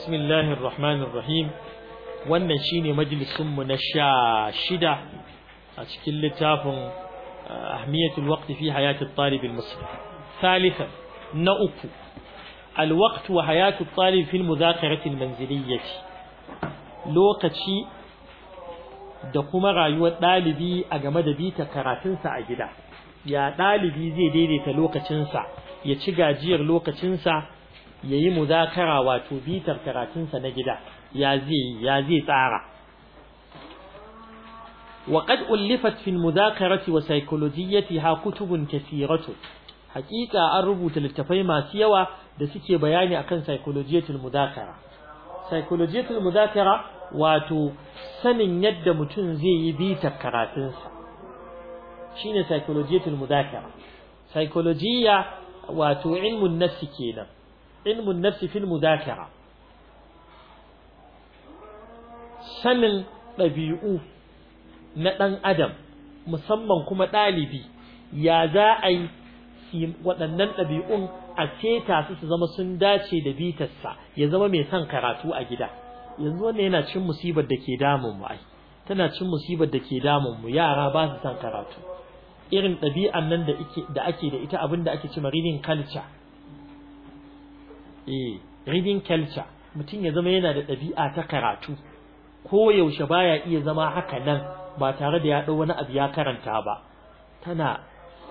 بسم الله الرحمن الرحيم wannan shine majalisunmu na sha shida a cikin littafin uh, ahmiyatul waqti fi hayati talib al-muslim thalithan na uku al-waqt wa hayatu talib fi al-mudhakarati al-manziliyyah lokaci da kuma rayuwar dalibi a game da bita karatunsa a gida ya dalibi zai daidaita lokacinsa ya ci gajiyar lokacinsa yayi muzakara wato bitar karatun sa na gida ya zai ya zai tsara waqad ullifat fi almuzakarati wa psychologiyati ha kutubun kaseeratu hakika an rubuta littattafai masu yawa da suke bayani akan psychologiyatul muzakara psychologiyatul muzakara wato sanin yadda mutum zai yi bitar karatun sa shine psychologiyatul muzakara psychologiya wato ilmun nafsi kenan علم النفس في المذاكرة sanin ɗabi'u na ɗan adam musamman kuma ɗalibi ya za waɗannan ɗabi'un a ceta su su zama sun dace da bitarsa ya zama mai son karatu a gida yanzu wannan yana cin musibar da ke damun mu ai tana cin musibar da ke damun mu yara ba su son karatu irin ɗabi'an nan da ake da ita abin da ake ci reading culture eh reading culture mutum ya zama yana da ɗabi'a ta karatu ko yaushe baya iya zama haka nan ba tare da ya ɗau wani abu ya karanta ba tana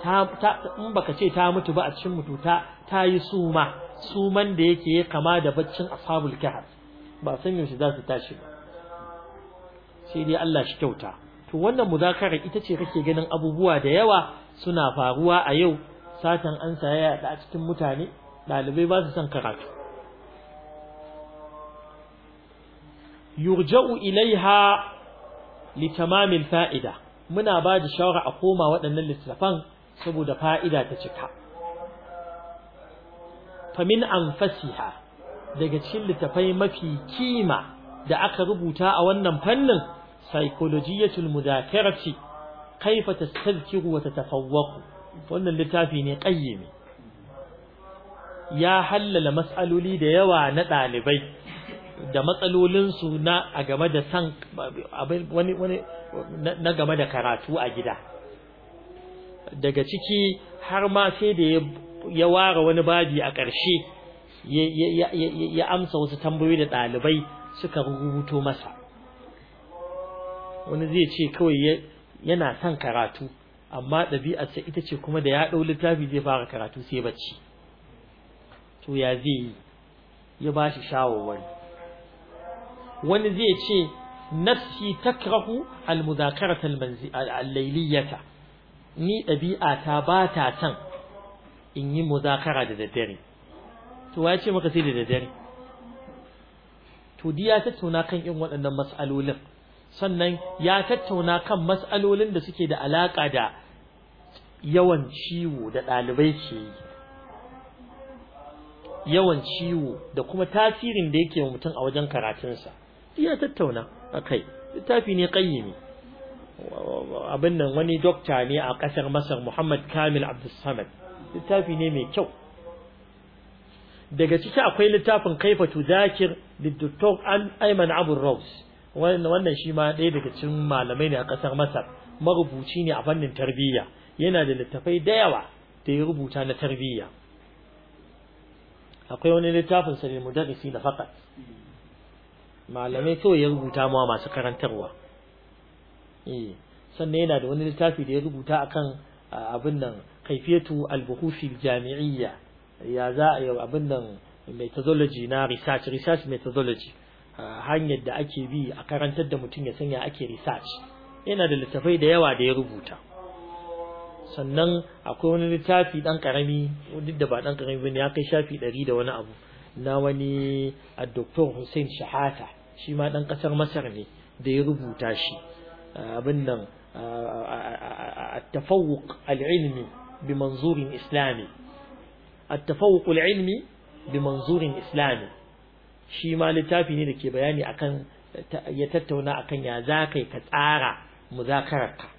ta in baka ce ta mutu ba a cikin mutu ta ta yi suma suman da yake ya kama da baccin ashabul kahf ba san yaushe za su tashi ba sai dai Allah shi kyauta to wannan muzakara ita ce kake ganin abubuwa da yawa suna faruwa a yau satan an saya a cikin mutane ɗalibai ba su son karatu yurja'u ilaiha litamamin fa'ida muna ba da shawara a koma waɗannan littafan saboda fa'ida ta cika famin fasiha daga cikin littafai mafi kima da aka rubuta a wannan fannin psychologiyatul mudakarati kaifa tastadhkiru wa tatafawwaqu wannan littafi ne qayyimi ya hallala matsaloli da yawa na ɗalibai da matsalolinsu na a game da san wani na game da karatu a gida daga ciki har ma sai da ya ware wani babi a ƙarshe ya amsa wasu tambayoyi da ɗalibai suka rubuto masa wani zai ce kawai yana son karatu amma ɗabi'arsa ita ce kuma da ya ɗau littafi zai fara karatu sai bacci su ya zai yi ya ba shi shawarwari wani zai ce nafsi takrahu al-mudhakarata al ni ɗabi'ata ba ta san in yi muzakara da daddare to ya ce maka sai da daddare to ya tattauna kan irin waɗannan mas'alolin sannan ya tattauna kan mas'alolin da suke da alaƙa da yawan ciwo da ɗalibai ke yi yawan ciwo da kuma tasirin da yake wa mutum a wajen karatunsa iya tattauna a kai littafi ne ƙayyami abin nan wani dokta ne a ƙasar masar muhammad kamil abdulsamad littafi ne mai kyau daga ciki akwai littafin kaifa da littattun aiman abu rose wannan shi ma ɗaya daga cikin malamai ne a ƙasar masar marubuci ne a fannin tarbiyya yana da littafai da yawa da ya rubuta na tarbiyya akwai wani littafin sa ne mudarrisi da faqat malamai kawai ya rubuta ma masu karantarwa eh sannan yana da wani littafi da ya rubuta akan abin nan kaifiyatu al-buhuthi al-jami'iyya ya za a abin nan methodology na research research methodology hanyar da ake bi a karantar da mutum ya sanya ake research yana da littafai da yawa da ya rubuta sannan akwai wani littafi dan karami duk da ba dan karami bane ya kai shafi 100 da wani abu na wani Dr. Hussein Shahata shi ma dan kasar Masar ne da ya rubuta shi abin nan at-tafawuq al-ilmi bi manzurin islami at-tafawuq al-ilmi bi manzurin islami shi ma littafi ne da ke bayani akan ya tattauna akan ya zakai ka tsara muzakararka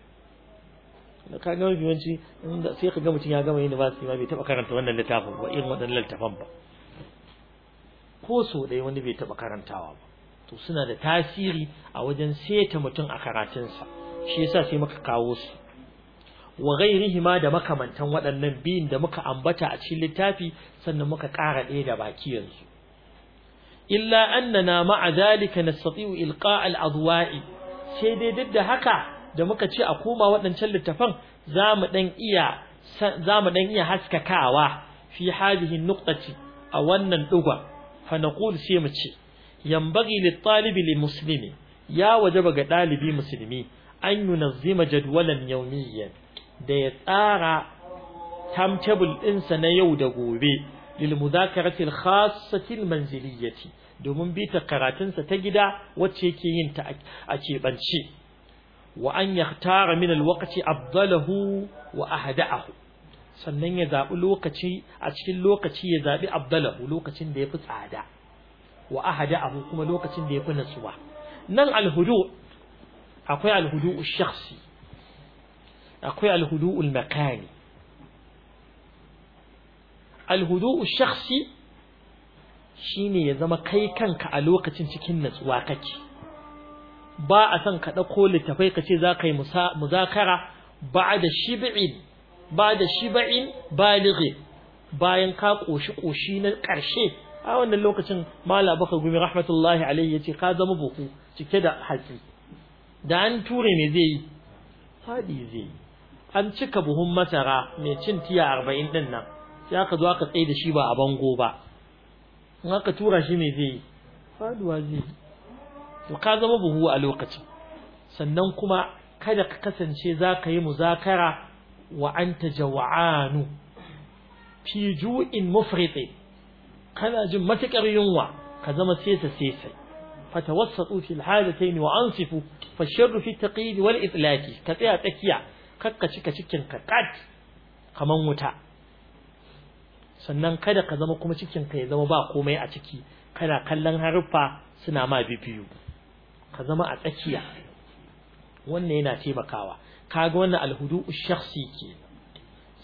ka ga yawanci sai ka ga mutum ya gama university ma bai taba karanta wannan littafin ba irin waɗannan littafan ba ko so ɗaya wani bai taba karantawa ba to suna da tasiri a wajen seta mutum a karatunsa shi yasa sai muka kawo su wa ghairihima da makamantan waɗannan biyun da muka ambata a cikin littafi sannan muka ƙara ɗaya da baki yanzu illa annana ma'a zalika nastati'u ilqa' al-adwa'i sai dai duk da haka da muka ce a koma waɗancan littafan za mu ɗan iya haskakawa fi hadihi nuqtati a wannan ɗuga fa sai mu ce yambaghi lit li musulmi ya waje ga ɗalibi musulmi an yunazzima jadwalan yawmiyyan da ya tsara timetable ɗinsa na yau da gobe lil mudakarati al khassati manziliyyati domin bita karatunsa ta gida wacce yake yin ta a keɓance wa an yahtara min alwaqti afdalahu wa ahda'ahu sannan ya zaɓi lokaci a cikin lokaci ya zaɓi afdalahu lokacin da ya fi tsada wa ahda'ahu kuma lokacin da ya fi natsuwa nan alhudu akwai alhudu shakhsi akwai alhudu makani alhudu shakhsi shine ya zama kai kanka a lokacin cikin natsuwa kake ba a san ka ɗauko littafai ka ce za ka yi muzakara ba da shib'in ba da shib'in balighi bayan ka ƙoshi ƙoshi na ƙarshe a wannan lokacin mala baka gumi rahmatullahi alaihi yace ka zama buku cike da hatsi da an ture me zai yi faɗi zai yi an cika buhun masara mai cin tiya arba'in din nan sai aka zo aka tsaye da shi ba a bango ba in aka tura shi me zai yi faduwa zai to ka zama buhu a lokacin sannan kuma kada ka kasance za ka yi muzakara wa ta jawa'anu fi ju'in mufrite kana jin matukar yunwa ka zama sesa sesa fatawassatu fil halatayn wa ansifu fasharru fi taqid wal ka tsaya tsakiya kakka cika cikin ka kat kaman wuta sannan kada ka zama kuma cikin ka ya zama ba komai a ciki kana kallon haruffa suna ma bibiyu ka zama a tsakiya wannan yana taimakawa kaga wannan alhudu'u shakhsi ke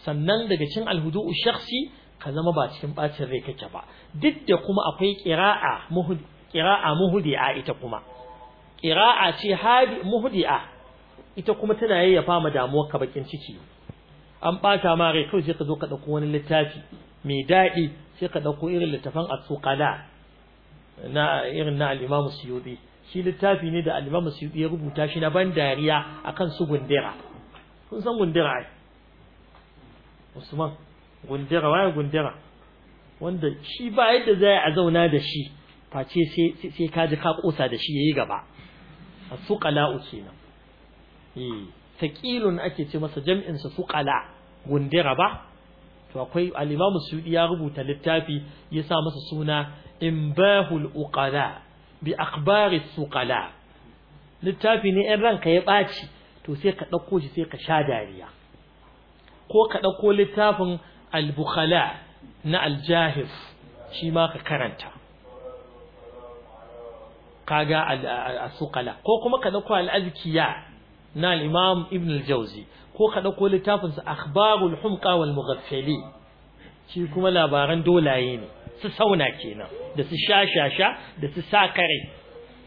sannan daga cikin alhudu'u shakhsi ka zama ba cikin bacin rai kake ba duk da kuma akwai qira'a muhud qira'a muhdi'a ita kuma qira'a ce hadi muhdi'a ita kuma tana yayyafa ma damuwar ka bakin ciki an bata ma rai kawai sai ka zo ka dauko wani littafi mai daɗi sai ka dauko irin littafan as-suqala na irin na al-Imam Suyuti shi littafi ne da al-Imam Suyuti ya rubuta shi na ban dariya akan su gundira kun san gundira ai Usman gundira waye gundira wanda shi ba yadda zai a zauna da shi face sai sai ka ji ka kosa da shi yayi gaba as-suqala usina eh thaqilun ake ce masa jam'in su suqala gundira ba to akwai al-Imam Suyuti ya rubuta littafi ya sa masa suna Imbahul Uqala bi akhbari suqala littafi ne in ranka ya ɓaci to sai ka ɗauko shi sai ka sha dariya ko ka ɗauko littafin al-bukhala na al shi ma ka karanta kaga al-suqala ko kuma ka ɗauko al-azkiya na al-imam ibn al-jawzi ko ka ɗauko littafin sa akhbarul humqa wal shi kuma labaran dolaye ne su sauna kenan da su sha sha sha da su sa kare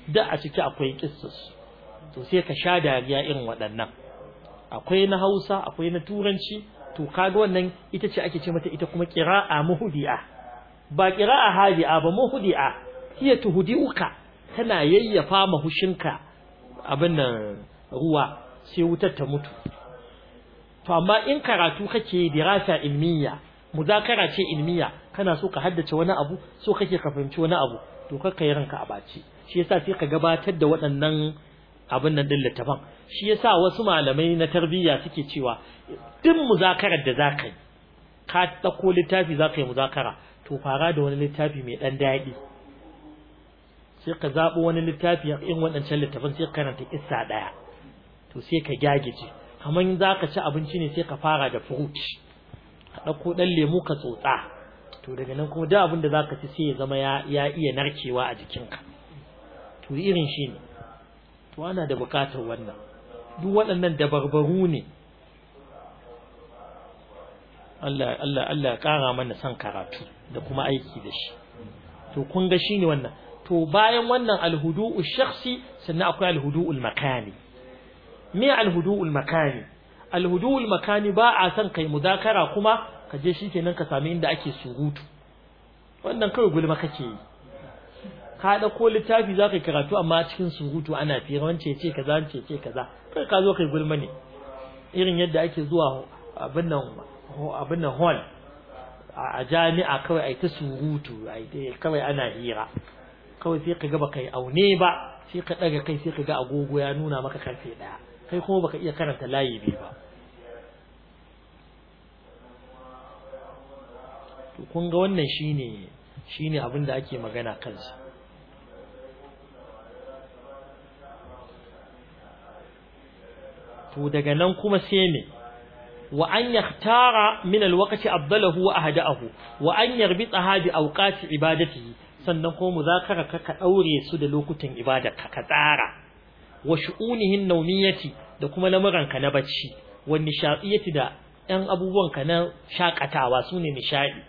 da a ciki akwai kissus to sai ka sha dariya irin waɗannan akwai na Hausa akwai na Turanci to kaga wannan ita ce ake ce mata ita kuma qira'a muhdi'a ba qira'a hadi'a ba muhdi'a hiya tuhdi'uka tana yayyafa mahushinka abin nan ruwa sai wutar ta mutu to amma in karatu kake dirasa ilmiya muzakara ce ilmiya kana so ka haddace wani abu so kake ka fahimci wani abu to kar ka yi ranka a bace shi yasa sai ka gabatar da waɗannan abin nan din littafan shi yasa wasu malamai na tarbiyya suke cewa duk muzakarar da zaka yi ka ɗauko littafi zaka yi muzakara to fara da wani littafi mai ɗan daɗi sai ka zabo wani littafi in waɗancan littafan sai ka karanta kissa ɗaya to sai ka gyagije kamar za ka ci abinci ne sai ka fara da fruit ka ɗauko ɗan lemu ka tsotsa to daga nan kuma da abin da zaka ci sai ya zama ya ya iya narkewa a jikinka to irin shi ne to ana da bukatar wannan duk waɗannan dabarbaru ne Allah Allah Allah ƙara mana son karatu da kuma aiki da shi to kun ga shine wannan to bayan wannan alhudu'u shakhsi sannan akwai alhudu'u makani me alhudu'ul makani alhudu'ul makani ba a son kai mudakara kuma ka je shi kenan ka sami inda ake surutu wannan kawai gulma kake yi ka da ko littafi za ka yi karatu amma cikin surutu ana fira wance ce kaza wance ce kaza kai ka zo kai gulma ne irin yadda ake zuwa abin nan abin nan hall a jami'a kawai ai ta surutu ai kawai ana hira kawai sai ka ga baka yi aune ba sai ka daga kai sai ka ga agogo ya nuna maka karfe daya kai kuma baka iya karanta layi ba to kun ga wannan shine shine abin da ake magana kansa to daga nan kuma sai ne wa an yaktara min alwaqti afdalahu wa ahdahu wa an yarbita hadi awqati ibadatihi sannan kuma muzakara ka ka daure su da lokutan ibada ka ka tsara wa shu'unihin nawmiyati da kuma lamuran ka na bacci wa nishaɗiyati da ‘yan ka na shakatawa su ne nishaɗi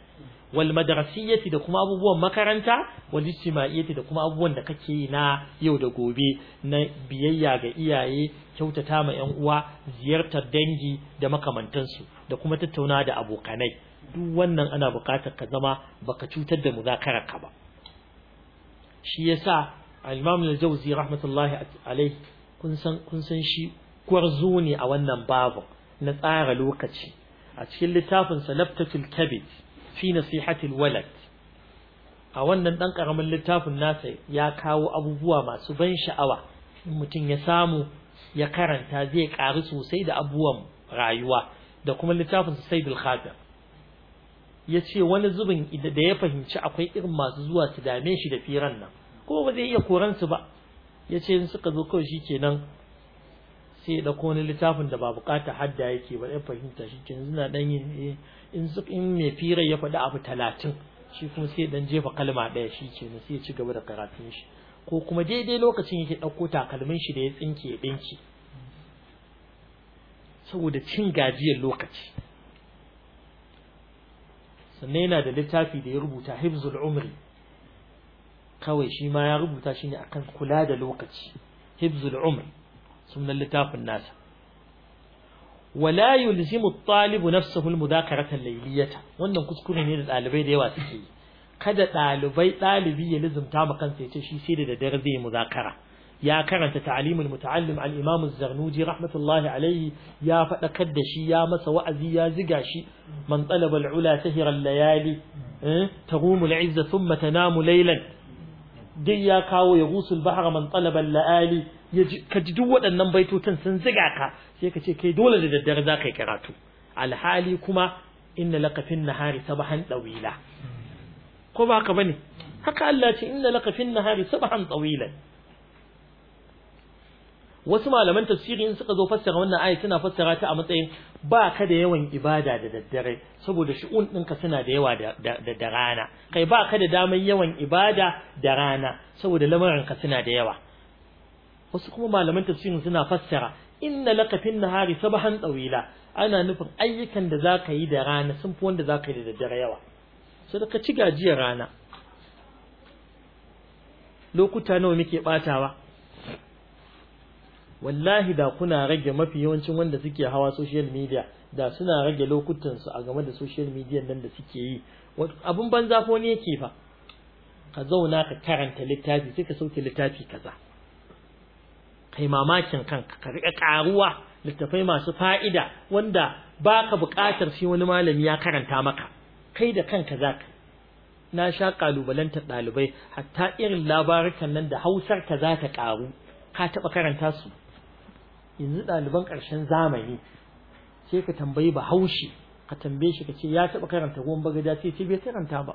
wal madrasiyyati da kuma abubuwan makaranta wal ijtima'iyyati da kuma abubuwan da kake yi na yau da gobe na biyayya ga iyaye kyautata ma yan uwa ziyartar dangi da makamantansu da kuma tattauna da abokanai duk wannan ana buƙatar ka zama baka cutar da muzakarar ka ba shi yasa al-Imam al-Jawzi rahmatullahi alayhi kun san kun san shi gwarzo ne a wannan babu na tsara lokaci a cikin littafin Salaftatul Kabir fi nasihatil walad a wannan dan karamin littafin nasa ya kawo abubuwa masu ban sha'awa mutum ya samu ya karanta zai karu sosai da abubuwan rayuwa da kuma littafin Saidul Khatam ya ce wani zubin da ya fahimci akwai irin masu zuwa su dame shi da firan nan ko ba zai iya koransu ba ya ce in suka zo kawai shi kenan sai ya ɗauko wani littafin da ba bukata hadda yake ba ya fahimta shi kenan suna dan yin eh, in su in mai firai ya faɗi abu talatin shi kuma sai dan jefa kalma ɗaya shi ke sai ya ci gaba da karatun shi ko kuma daidai lokacin yake ɗauko takalmin shi da ya tsinke ya ɗinki saboda cin gajiyar lokaci sannan yana da littafi da ya rubuta hibzul umri kawai shi ma ya rubuta shi ne akan kula da lokaci hibzul umri sunan littafin nasa wala yulzimu at-talibu nafsuhu al-mudhakarata wannan kuskure ne da dalibai da yawa suke kada dalibai dalibi ya lizumta ma kansa yace shi sai da daddare zai muzakara ya karanta ta'limul muta'allim al-imam az-zarnuji rahmatullahi alayhi ya fadakar da shi ya masa wa'azi ya ziga shi man talaba al-ula sahira al-layali eh, taqumu al-izza thumma tanamu laylan dai ya kawo ya gusul bahar man talaban la'ali ka ji duk waɗannan baitotan sun ziga ka sai ka ce kai dole da daddare za ka yi karatu alhali kuma inna laka fin nahari sabahan dawila ko ba ka bane haka Allah ce inna laka fin nahari sabahan dawilan wasu malaman tafsiri in suka zo fassara wannan aya suna fassara ta a matsayin ba ka da yawan ibada da daddare saboda shi'un ɗinka suna da yawa da rana kai baka da damar yawan ibada da rana saboda ka suna da yawa wasu kuma malaman tafsirin suna fassara inna laka fin nahari sabahan tsawila ana nufin ayyukan da za yi da rana sun fi wanda za ka yi da daddare yawa sai ka ci gajiyar rana lokuta nawa muke batawa wallahi da kuna rage mafi yawancin wanda suke hawa social media da suna rage lokutan su a game da social media nan da suke yi abun banza ko ne yake fa ka zauna ka karanta littafi sai ka sauke littafi kaza kai mamakin kanka ka rika ƙaruwa littafai masu fa'ida wanda baka buƙatar sai wani malami ya karanta maka kai da kanka zaka na sha kalubalantar ɗalibai hatta irin labarukan nan da hausar ka za ta ƙaru ka taɓa karanta su yanzu ɗaliban ƙarshen zamani sai ka tambayi bahaushe ka tambaye shi ka ce ya taɓa karanta ruwan bagaja sai ce bai karanta ba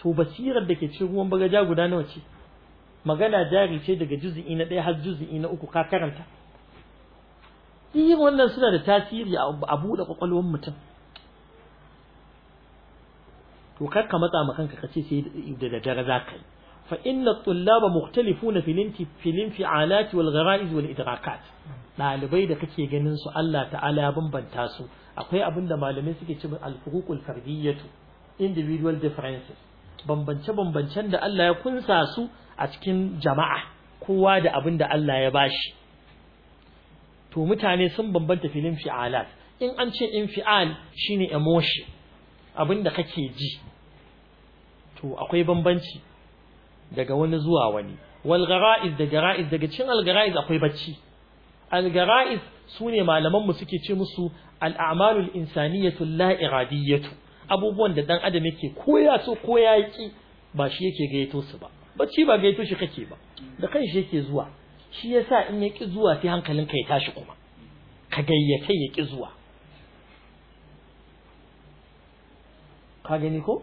to basirar da ke cikin ruwan bagaja guda nawa ce magana jari ce daga juzu'i na ɗaya har juzu'i na uku ka karanta irin wannan suna da tasiri a buɗe ƙwaƙwalwar mutum to kar ka matsa ma kanka ka ce sai da daddare za ka yi فإن الطلاب مختلفون في الانفعالات والغرائز idrakat ɗalibai da kake ganin su Allah ta'ala ya bambanta su akwai abin da malamai suke ce alfuqul fardiyatu individual differences bambance bambancen da Allah ya kunsa su a cikin jama'a kowa da abin da Allah ya bashi to mutane sun bambanta filin fi'alat in an ce infi'al shine emotion abin da kake ji to akwai bambanci daga wani zuwa wani wal gara'iz da gara'iz daga cin al gara'iz akwai bacci al gara'iz sune malaman mu suke ce musu al a'malul insaniyatu la iradiyatu abubuwan da dan adam yake koya so koya ki, ba shi yake gaito su ba bacci ba gaito shi kake ba da shi yake zuwa shi yasa in ya ki zuwa sai hankalin ka ya tashi kuma ka gayyace ya ki zuwa ka gani ko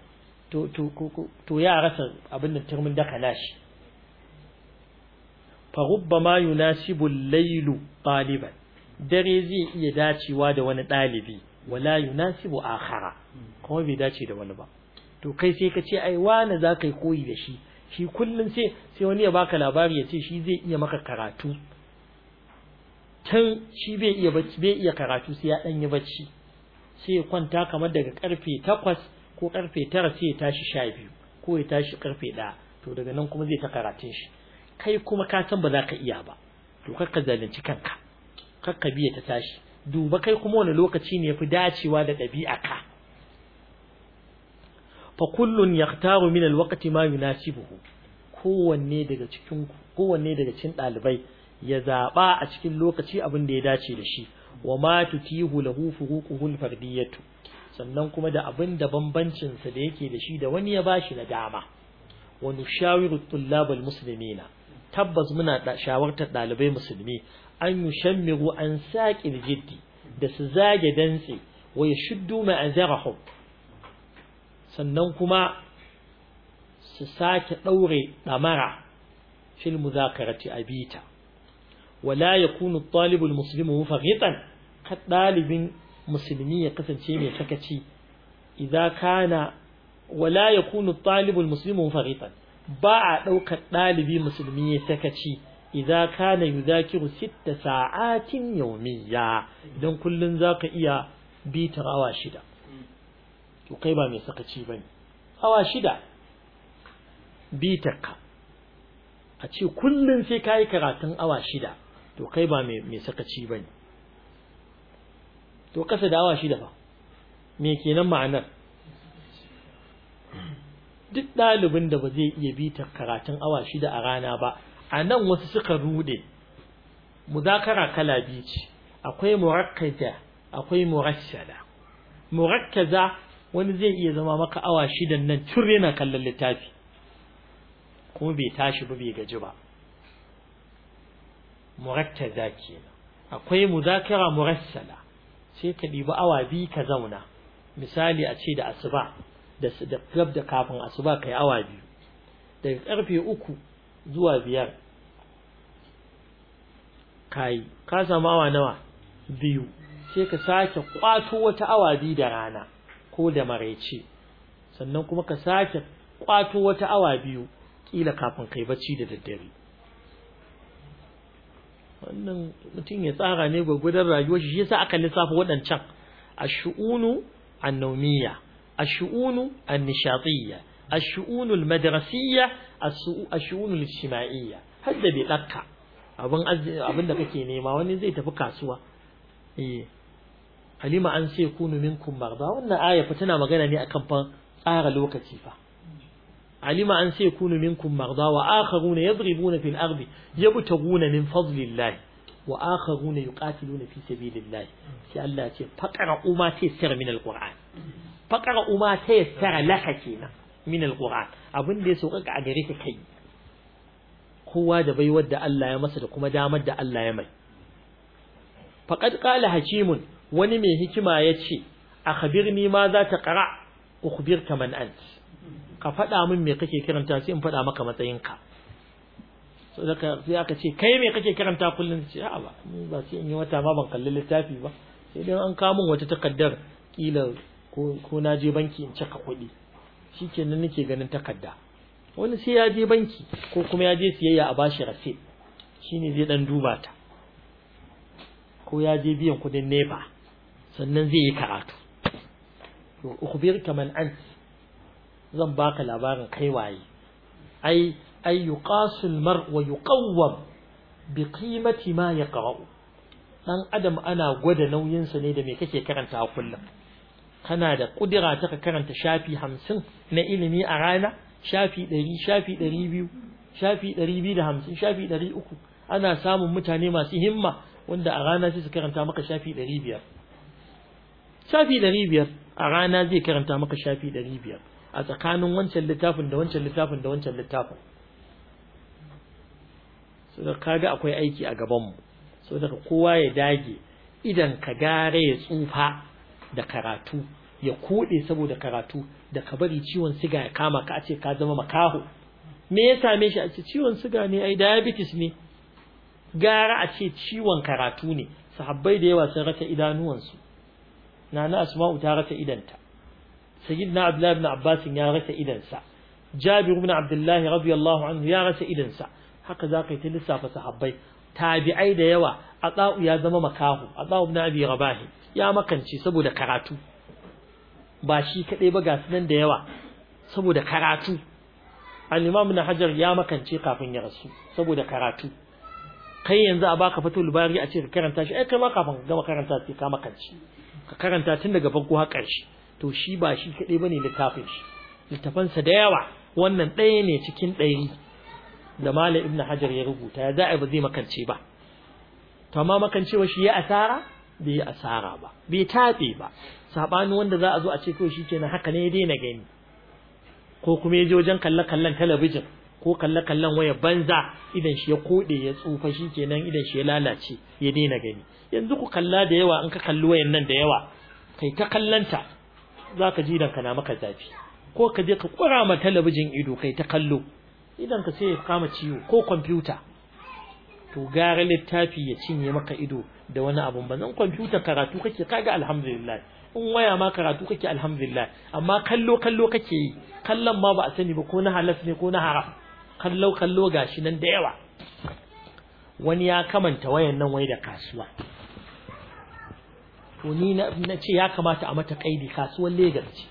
to ya rasa abin da turmin daka nashi fa rubbama yunasibu al-laylu taliban dare zai iya dacewa da wani dalibi wala yunasibu akhara kuma bai dace da wani ba to kai sai ka ce ai wani za ka yi koyi da shi shi kullum sai sai wani ya baka labari ya ce shi zai iya maka karatu tun shi bai iya bacci bai iya karatu sai ya dan yi bacci sai ya kwanta kamar daga karfe takwas ko karfe tara sai ya tashi sha biyu ko ya tashi karfe ɗaya to daga nan kuma zai ta karatun shi kai kuma ka san ba za ka iya ba to kakka zalunci kanka kar ka biya ta tashi duba kai kuma wani lokaci ne fi dacewa da ɗabi'a ka fa kullun yahtaru min alwaqti ma yunasibuhu kowanne daga cikin kowanne daga cikin ɗalibai ya zaɓa a cikin lokaci abin da ya dace da shi wa ma tutihu lahu furuquhu alfardiyatu sannan kuma da abin da bambancin sa da yake da shi da wani ya bashi na dama wa nushawiru tullabal muslimina tabbas muna shawartar dalibai musulmi an yushammiru an saqil jiddi da su zage dantse wa yashuddu ma'azarahum sannan kuma su sake daure damara fil muzakarati abita wala yakunu at-talibu muslimu mufaghitan kad dalibin musulmi ya kasance mai sakaci idan kana wala yakunu talibul muslimu faritan ba a daukar dalibi musulmi ya sakaci idan kana yuzakiru sitta sa'atin yawmiyya idan kullun zaka iya bitar awa shida to kai ba mai sakaci bane awa shida bitarka a ce kullun sai kai karatun awa shida to kai ba mai sakaci bane to kasa da awa shida me kenan ma'anar duk ɗalibin da ba zai iya bitar karatun awa shida a rana ba a nan wasu suka rude muzakara kala biyu ce akwai murakkaza akwai murashada murakkaza wani zai iya zama maka awa shida nan tun yana kallon littafi kuma bai tashi ba bai gaji ba Murakaza kenan akwai muzakara murassala sai ka ɗiba awa biyu ka zauna misali a ce da asuba da gab da kafin asuba ka yi awa biyu daga ƙarfe uku zuwa biyar kayi ka samu awa nawa biyu sai ka sake kwato wata awa biyu da rana ko da maraice sannan kuma ka sake kwato wata awa biyu ƙila kafin kai bacci da daddare wannan mutum ya tsara ne gwagwadon rayuwar shi yasa aka lissafa waɗancan ash-shu'unu an-nawmiyya ash-shu'unu an-nishatiyya ash-shu'unu al-madrasiyya ash-shu'unu al-ijtima'iyya hadda bai dakka abin abin da kake nema wani zai tafi kasuwa eh halima an sai kunu minkum marda wannan aya fa tana magana ne akan fa tsara lokaci fa alima an sai kunu minkum marda wa akharuna yadribuna fil ardi yabtaguna min fadlillah wa akharuna yuqatiluna fi sabilillah sai Allah ya ce faqara uma tayassara min alquran faqara uma tayassara laka kina min alquran abin da ya sauka a gare ka kai kowa da bai da Allah ya masa da kuma damar da Allah ya mai faqad qala hakimun wani mai hikima ya ce akhbirni ma za ta qara ukhbirka man ka faɗa min me kake karanta sai in faɗa maka matsayinka so daga sai aka ce kai me kake karanta kullum ce a ba ba sai in yi wata ma ban kalli littafi ba sai dai an kamun wata takardar kila ko na je banki in cika kuɗi shikenan nake ganin takarda wani sai ya je banki ko kuma ya je siyayya a bashi rasit shine zai dan duba ta ko ya je biyan kuɗin nepa sannan zai yi karatu to ukhbirka man anti zan baka labarin kai waye ai ai yuqasu almar wa yuqawwam bi qimati ma yaqra'u dan adam ana gwada nauyin sa ne da me kake karanta kullum kana da kudira ta karanta shafi 50 na ilimi a rana shafi 100 shafi 200 shafi 250 shafi 300 ana samun mutane masu himma wanda a rana sai su karanta maka shafi 500 shafi 500 a rana zai karanta maka shafi 500 a tsakanin wancan littafin da wancan littafin da wancan littafin so da kaga akwai aiki a gabanmu so da kowa ya dage idan ka gare ya tsufa da karatu ya koɗe saboda karatu da ka bari ciwon siga ya kama ka ce ka zama makaho me ya same shi a ce ciwon siga ne ai diabetes ne gara a ce ciwon karatu ne sahabbai da yawa sun rasa idanuwansu nana asma'u ta rasa idanta sayyidina abdullahi ibn abbas ya rasa idansa jabir ibn abdullahi radiyallahu anhu ya rasa idansa haka za ka yi ta lissafa sahabbai tabi'ai da yawa atsa'u ya zama makahu atsa'u ibn abi rabah ya makance saboda karatu ba shi kadai ba ga sunan da yawa saboda karatu al-imam na hajar ya makance kafin ya rasu saboda karatu kai yanzu a baka fatul bari a ce ka karanta shi ai kai ma kafin ka gama karanta sai ka makance ka karanta tun daga farko har ƙarshe to shi ba shi kaɗai ba ne littafin shi littafansa da yawa wannan ɗaya ne cikin ɗari da malam ibn hajar ya rubuta ya za'a ba zai makance ba to amma makancewa shi ya asara bai yi asara ba bai taɓe ba saɓani wanda za a zo a ce kawai shi kenan haka ne ya daina gani ko kuma ya je wajen kalle kallon talabijin ko kalle kallon waya banza idan shi ya koɗe ya tsufa shi kenan idan shi ya lalace ya daina gani yanzu ku kalla da yawa in ka kalli wayan nan da yawa kai ta kallanta zaka ji danka na maka zafi ko ka je ka kura ma talabijin ido kai ta kallo idan ka sai ya kama ciwo ko kwamfuta to gara littafi ya cinye maka ido da wani abun ba zan kwamfuta karatu kake kaga alhamdulillah in waya ma karatu kake alhamdulillah amma kallo kallo kake yi kallon ma ba a sani ba ko na halas ne ko na haram kallo kallo gashi nan da yawa wani ya kamanta wayan nan wai da kasuwa to ni na ce ya kamata a mata kaidi kasuwar Legas ce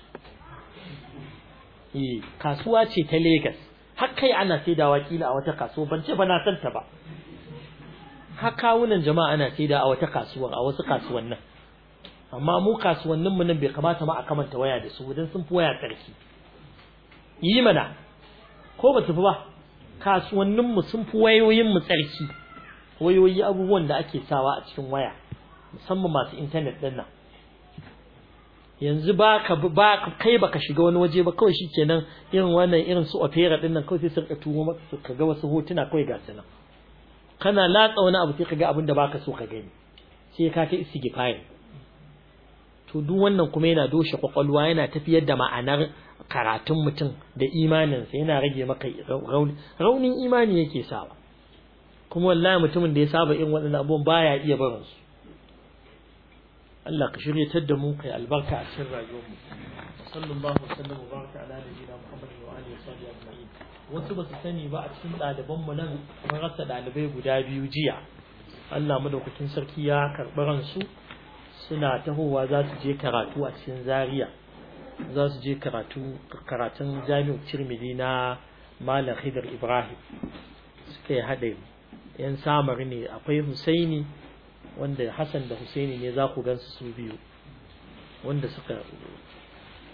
eh kasuwa ce ta Legas har kai ana saida wakila a wata kasuwa ban ce ba na santa ba har kawunan jama'a ana saida a wata kasuwa a wasu kasuwannin amma mu kasuwannin mu nan bai kamata ma a kamanta waya da su dan sun fi waya tsarki yi mana ko ba su fi ba kasuwannin mu sun fi wayoyin mu tsarki wayoyi abubuwan da ake sawa a cikin waya musamman masu intanet din nan yanzu ba ka ba kai baka shiga wani waje ba kawai shikenan irin wannan irin su opera din nan kawai sai su tuwo maka su kaga wasu hotuna kawai ga su nan kana latsa wani abu sai kaga abin da baka so ka gani sai ka kai istighfari to duk wannan kuma yana doshe kwakwalwa yana tafiyar da ma'anar karatun mutum da imaninsa yana rage maka rauni raunin imani yake sawa kuma wallahi mutumin da ya saba irin waɗannan abubuwan baya iya barinsu. Allah ka shiryatar da mu kai albarka a cikin rayuwar mu sallallahu wasallam wa baraka ala nabiyina muhammad wa alihi wa sahbihi ajma'in wasu ba su sani ba a cikin ɗaliban mu nan mun rasa ɗalibai guda biyu jiya Allah madaukakin sarki ya karɓi ransu suna tahowa za su je karatu a cikin Zaria za su je karatu karatun Jami'u Tirmidhi na Malam Khidir Ibrahim suka yi haɗe yan samari ne akwai Husaini wanda Hassan da Husaini ne za ku gansu su biyu wanda suka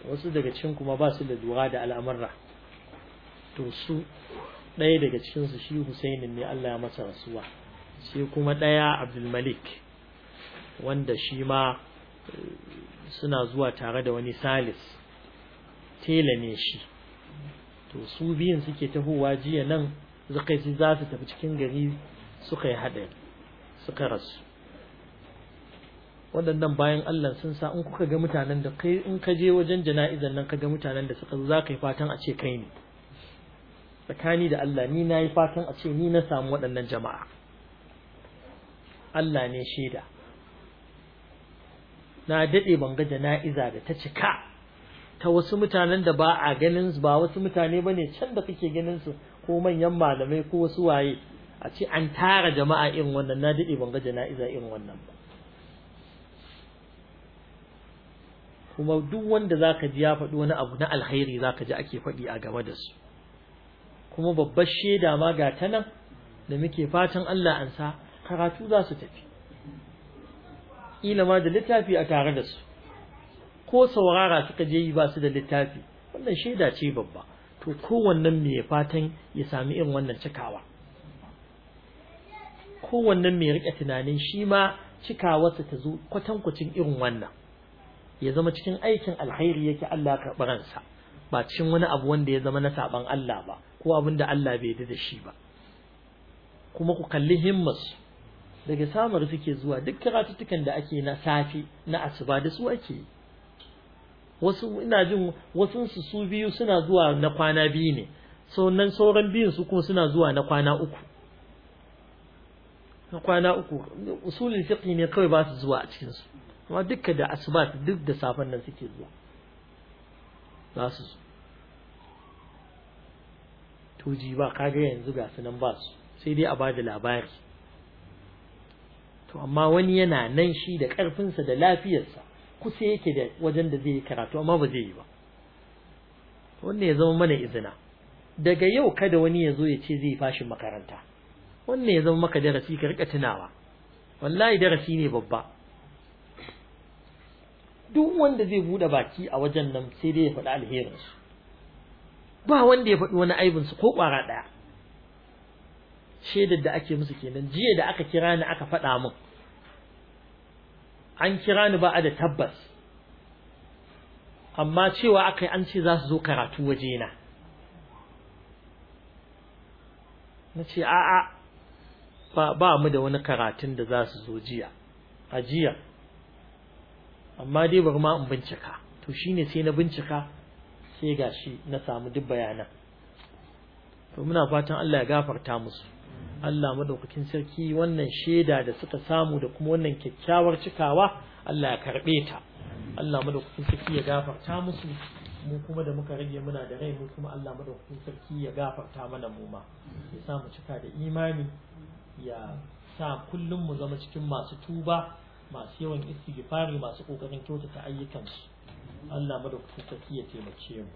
wasu daga cikin kuma ba su da dura da al'amarra to su ɗaya daga cikinsu shi Husaini ne Allah ya masa rasuwa sai kuma ɗaya Abdulmalik wanda shi ma eh, suna zuwa tare da wani salis tela ne shi to su biyun suke tahowa jiya nan zakai za su tafi cikin gari suka yi haɗari suka rasu waɗannan bayan Allah sun sa in kuka ga mutanen da kai in ka je wajen jana'izan nan ka ga mutanen da suka za ka yi fatan a ce kai ne tsakani da Allah ni na yi fatan a ce ni na samu waɗannan jama'a Allah ne shaida na daɗe ban ga jana'iza da ta cika ta wasu mutanen da ba a ganin ba wasu mutane ba ne can da kake ganin su ko manyan malamai ko wasu waye a ce an tara jama'a irin wannan na daɗe ban ga jana'iza irin wannan ba kuma duk wanda zaka ji ya faɗi wani abu na alkhairi zaka ji ake faɗi a game da su kuma babbar shaida ma ga ta nan da muke fatan Allah an sa karatu za su tafi ma da littafi a tare da su ko saurara suka je yi ba su da littafi wannan shaida ce babba to kowannen mai fatan ya sami irin wannan cikawa kowannen mai riƙe tunanin shi ma cikawarsa ta zo kwatankwacin irin wannan ya zama cikin aikin alheri yake Allah ya karɓi ransa ba cikin wani abu wanda ya zama na saban Allah ba ko abin da Allah bai yarda da shi ba kuma ku kalli himmas daga samar suke zuwa duk karatuttukan da ake na safi na asuba da su ake wasu ina jin wasu su su biyu suna zuwa na kwana biyu ne sannan sauran biyun su kuma suna zuwa na kwana uku na kwana uku usulin fiqh ne kawai ba su zuwa a cikin su kuma duka da asibat duk da safen nan suke zuwa za su zo tuji ba kaga yanzu ga su nan ba su sai dai a ba da labari to amma wani yana nan shi da ƙarfinsa da lafiyarsa kusa yake da wajen da zai yi karatu amma ba zai yi ba wannan ya zama mana izina daga yau kada wani ya zo ya ce zai fashi makaranta wannan ya zama maka darasi ka rika tunawa wallahi darasi ne babba duk wanda zai bude baki a wajen nan sai dai ya faɗi alherin su ba wanda ya faɗi wani aibin su ko ƙwara ɗaya shaidar da ake musu kenan jiya da aka kira ni aka faɗa min an kira ni ba a da tabbas amma cewa aka yi an ce za su zo karatu waje na na ce a'a ba mu da wani karatun da za su zo jiya a jiya amma dai bari ma in bincika to shine sai na bincika sai gashi na samu duk bayanan to muna fatan Allah ya gafarta musu Allah madaukakin sarki wannan shaida da suka samu da kuma wannan kyakkyawar cikawa Allah ya karbe ta Allah madaukakin sarki ya gafarta musu mu kuma da muka rage muna da rai mu kuma Allah madaukakin sarki ya gafarta mana mu ma ya sa mu cika da imani ya sa kullum mu zama cikin masu tuba masu yawan istighfari masu kokarin kyautata ayyukansu Allah madaukakin sarki ya taimake mu